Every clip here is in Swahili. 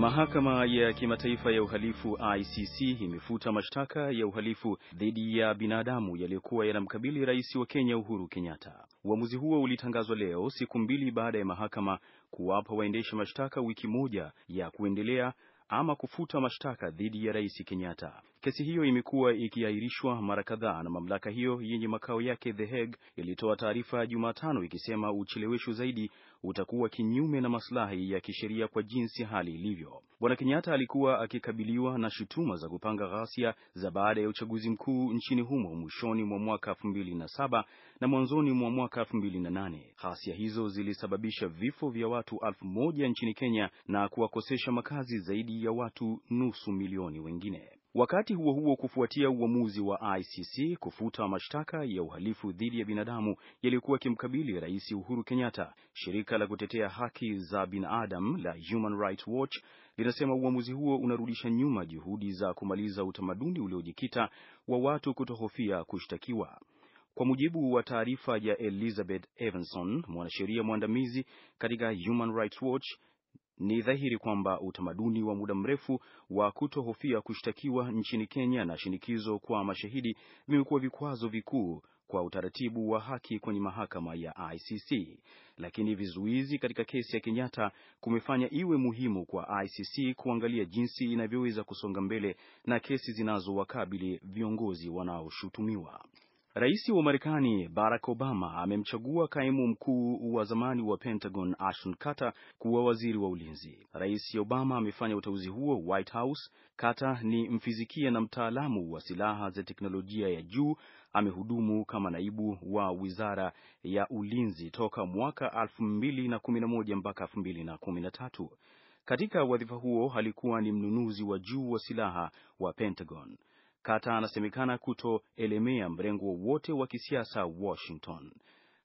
Mahakama ya Kimataifa ya Uhalifu ICC imefuta mashtaka ya uhalifu dhidi ya binadamu yaliyokuwa yanamkabili rais wa Kenya Uhuru Kenyatta. Uamuzi huo ulitangazwa leo, siku mbili baada ya mahakama kuwapa waendesha mashtaka wiki moja ya kuendelea ama kufuta mashtaka dhidi ya Rais Kenyatta. Kesi hiyo imekuwa ikiahirishwa mara kadhaa na mamlaka hiyo yenye makao yake The Hague ilitoa taarifa Jumatano ikisema uchelewesho zaidi utakuwa kinyume na maslahi ya kisheria kwa jinsi hali ilivyo. Bwana Kenyatta alikuwa akikabiliwa na shutuma za kupanga ghasia za baada ya uchaguzi mkuu nchini humo mwishoni mwa mwaka 2007 na mwanzoni mwa mwaka 2008. Ghasia hizo zilisababisha vifo vya watu elfu moja nchini Kenya na kuwakosesha makazi zaidi ya watu nusu milioni wengine. Wakati huo huo, kufuatia uamuzi wa ICC kufuta mashtaka ya uhalifu dhidi ya binadamu yaliyokuwa kimkabili Rais Uhuru Kenyatta, shirika la kutetea haki za binadamu la Human Rights Watch linasema uamuzi huo unarudisha nyuma juhudi za kumaliza utamaduni uliojikita wa watu kutohofia kushtakiwa. Kwa mujibu wa taarifa ya Elizabeth Evanson, mwanasheria mwandamizi katika Human Rights Watch, ni dhahiri kwamba utamaduni wa muda mrefu wa kutohofia kushtakiwa nchini Kenya na shinikizo kwa mashahidi vimekuwa vikwazo vikuu kwa utaratibu wa haki kwenye mahakama ya ICC, lakini vizuizi katika kesi ya Kenyatta kumefanya iwe muhimu kwa ICC kuangalia jinsi inavyoweza kusonga mbele na kesi zinazowakabili viongozi wanaoshutumiwa. Rais wa Marekani Barack Obama amemchagua kaimu mkuu wa zamani wa Pentagon Ashton Carter kuwa waziri wa ulinzi. Rais Obama amefanya uteuzi huo White House. Carter ni mfizikia na mtaalamu wa silaha za teknolojia ya juu. Amehudumu kama naibu wa wizara ya ulinzi toka mwaka 2011 mpaka 2013. Katika wadhifa huo alikuwa ni mnunuzi wa juu wa silaha wa Pentagon. Carter anasemekana kutoelemea mrengo wowote wa kisiasa Washington.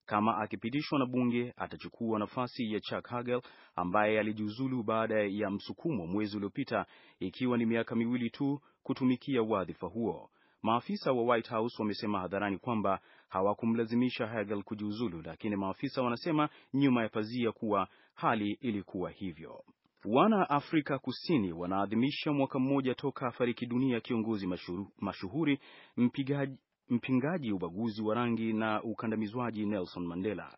Kama akipitishwa na bunge, atachukua nafasi ya Chuck Hagel ambaye alijiuzulu baada ya msukumo mwezi uliopita, ikiwa ni miaka miwili tu kutumikia wadhifa huo. Maafisa wa White House wamesema hadharani kwamba hawakumlazimisha Hagel kujiuzulu, lakini maafisa wanasema nyuma ya pazia kuwa hali ilikuwa hivyo. Wana Afrika Kusini wanaadhimisha mwaka mmoja toka afariki dunia kiongozi mashuhuri, mashuhuri mpigaji, mpingaji ubaguzi wa rangi na ukandamizwaji Nelson Mandela.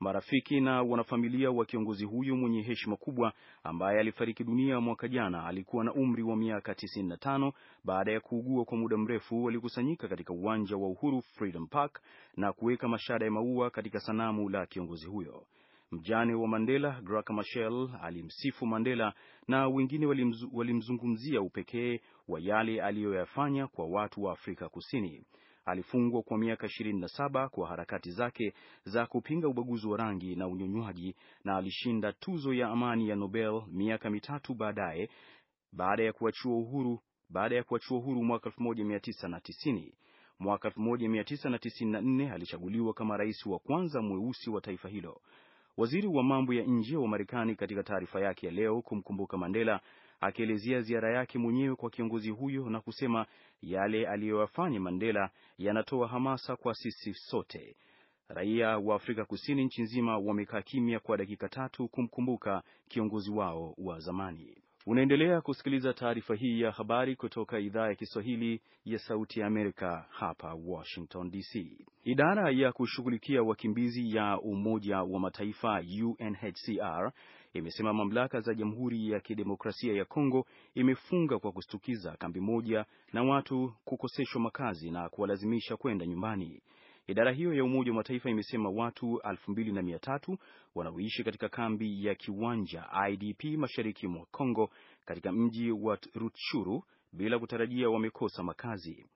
Marafiki na wanafamilia wa kiongozi huyo mwenye heshima kubwa ambaye alifariki dunia mwaka jana alikuwa na umri wa miaka 95 baada ya kuugua kwa muda mrefu, walikusanyika katika uwanja wa Uhuru Freedom Park na kuweka mashada ya maua katika sanamu la kiongozi huyo. Mjane wa Mandela, Graca Machel, alimsifu Mandela na wengine walimzungumzia upekee wa yale aliyoyafanya kwa watu wa Afrika Kusini. Alifungwa kwa miaka 27 kwa harakati zake za kupinga ubaguzi wa rangi na unyonywaji na alishinda tuzo ya amani ya Nobel miaka mitatu baadaye baada ya kuachiwa uhuru baada ya kuachiwa uhuru mwaka 1990. Mwaka 1994 alichaguliwa kama rais wa kwanza mweusi wa taifa hilo. Waziri wa mambo ya nje wa Marekani katika taarifa yake ya leo kumkumbuka Mandela akielezea ziara yake mwenyewe kwa kiongozi huyo na kusema yale aliyoyafanya Mandela yanatoa hamasa kwa sisi sote. Raia wa Afrika Kusini nchi nzima wamekaa kimya kwa dakika tatu kumkumbuka kiongozi wao wa zamani. Unaendelea kusikiliza taarifa hii ya habari kutoka idhaa ya Kiswahili ya Sauti ya Amerika hapa Washington DC. Idara ya kushughulikia wakimbizi ya Umoja wa Mataifa UNHCR imesema mamlaka za Jamhuri ya Kidemokrasia ya Kongo imefunga kwa kustukiza kambi moja na watu kukoseshwa makazi na kuwalazimisha kwenda nyumbani. Idara hiyo ya Umoja wa Mataifa imesema watu 2300 wanaoishi katika kambi ya Kiwanja IDP mashariki mwa Kongo katika mji wa Rutshuru bila kutarajia wamekosa makazi.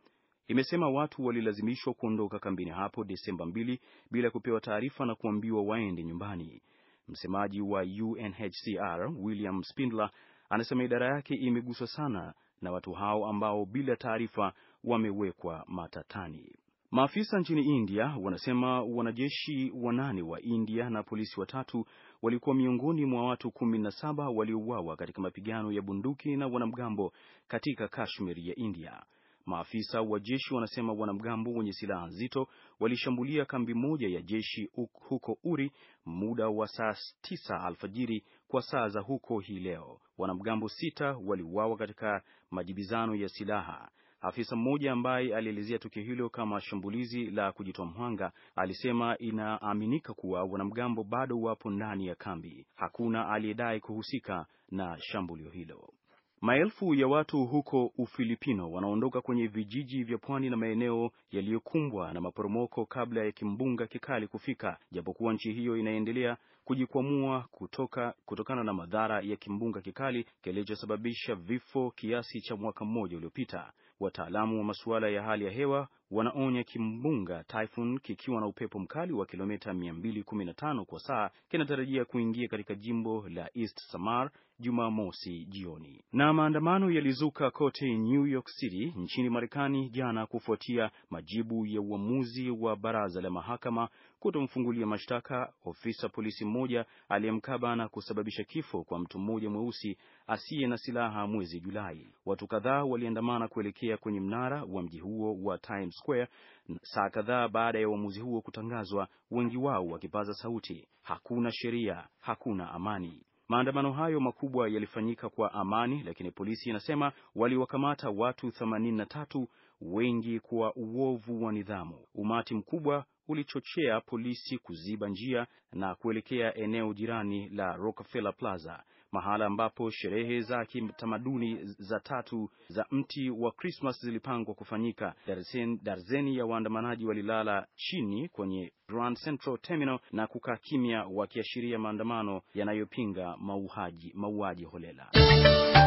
Imesema watu walilazimishwa kuondoka kambini hapo Desemba 2 bila kupewa taarifa na kuambiwa waende nyumbani. Msemaji wa UNHCR William Spindler anasema idara yake imeguswa sana na watu hao ambao bila taarifa wamewekwa matatani. Maafisa nchini India wanasema wanajeshi wanane wa India na polisi watatu walikuwa miongoni mwa watu kumi na saba waliouawa katika mapigano ya bunduki na wanamgambo katika Kashmir ya India. Maafisa wa jeshi wanasema wanamgambo wenye silaha nzito walishambulia kambi moja ya jeshi huko Uri muda wa saa tisa alfajiri kwa saa za huko hii leo. Wanamgambo sita waliuawa katika majibizano ya silaha. Afisa mmoja ambaye alielezea tukio hilo kama shambulizi la kujitoa mhanga alisema inaaminika kuwa wanamgambo bado wapo ndani ya kambi. Hakuna aliyedai kuhusika na shambulio hilo. Maelfu ya watu huko Ufilipino wanaondoka kwenye vijiji vya pwani na maeneo yaliyokumbwa na maporomoko kabla ya kimbunga kikali kufika, japokuwa nchi hiyo inaendelea kujikwamua kutoka, kutokana na madhara ya kimbunga kikali kilichosababisha vifo kiasi cha mwaka mmoja uliopita. Wataalamu wa masuala ya hali ya hewa wanaonya kimbunga Typhoon kikiwa na upepo mkali wa kilomita 215 kwa saa kinatarajia kuingia katika jimbo la East Samar Jumamosi jioni. Na maandamano yalizuka kote New York City nchini Marekani jana kufuatia majibu ya uamuzi wa baraza la mahakama kutomfungulia mashtaka ofisa polisi mmoja aliyemkaba na kusababisha kifo kwa mtu mmoja mweusi asiye na silaha mwezi Julai. Watu kadhaa waliandamana kuelekea kwenye mnara wa mji huo wa Times Square saa kadhaa baada ya uamuzi huo kutangazwa, wengi wao wakipaza sauti, hakuna sheria, hakuna amani. Maandamano hayo makubwa yalifanyika kwa amani, lakini polisi inasema waliwakamata watu 83, wengi kwa uovu wa nidhamu. Umati mkubwa ulichochea polisi kuziba njia na kuelekea eneo jirani la Rockefeller Plaza mahala ambapo sherehe za kitamaduni za tatu za mti wa Krismas zilipangwa kufanyika. Darzeni, darzeni ya waandamanaji walilala chini kwenye Grand Central Terminal na kukaa kimya wakiashiria maandamano yanayopinga mauaji mauaji holela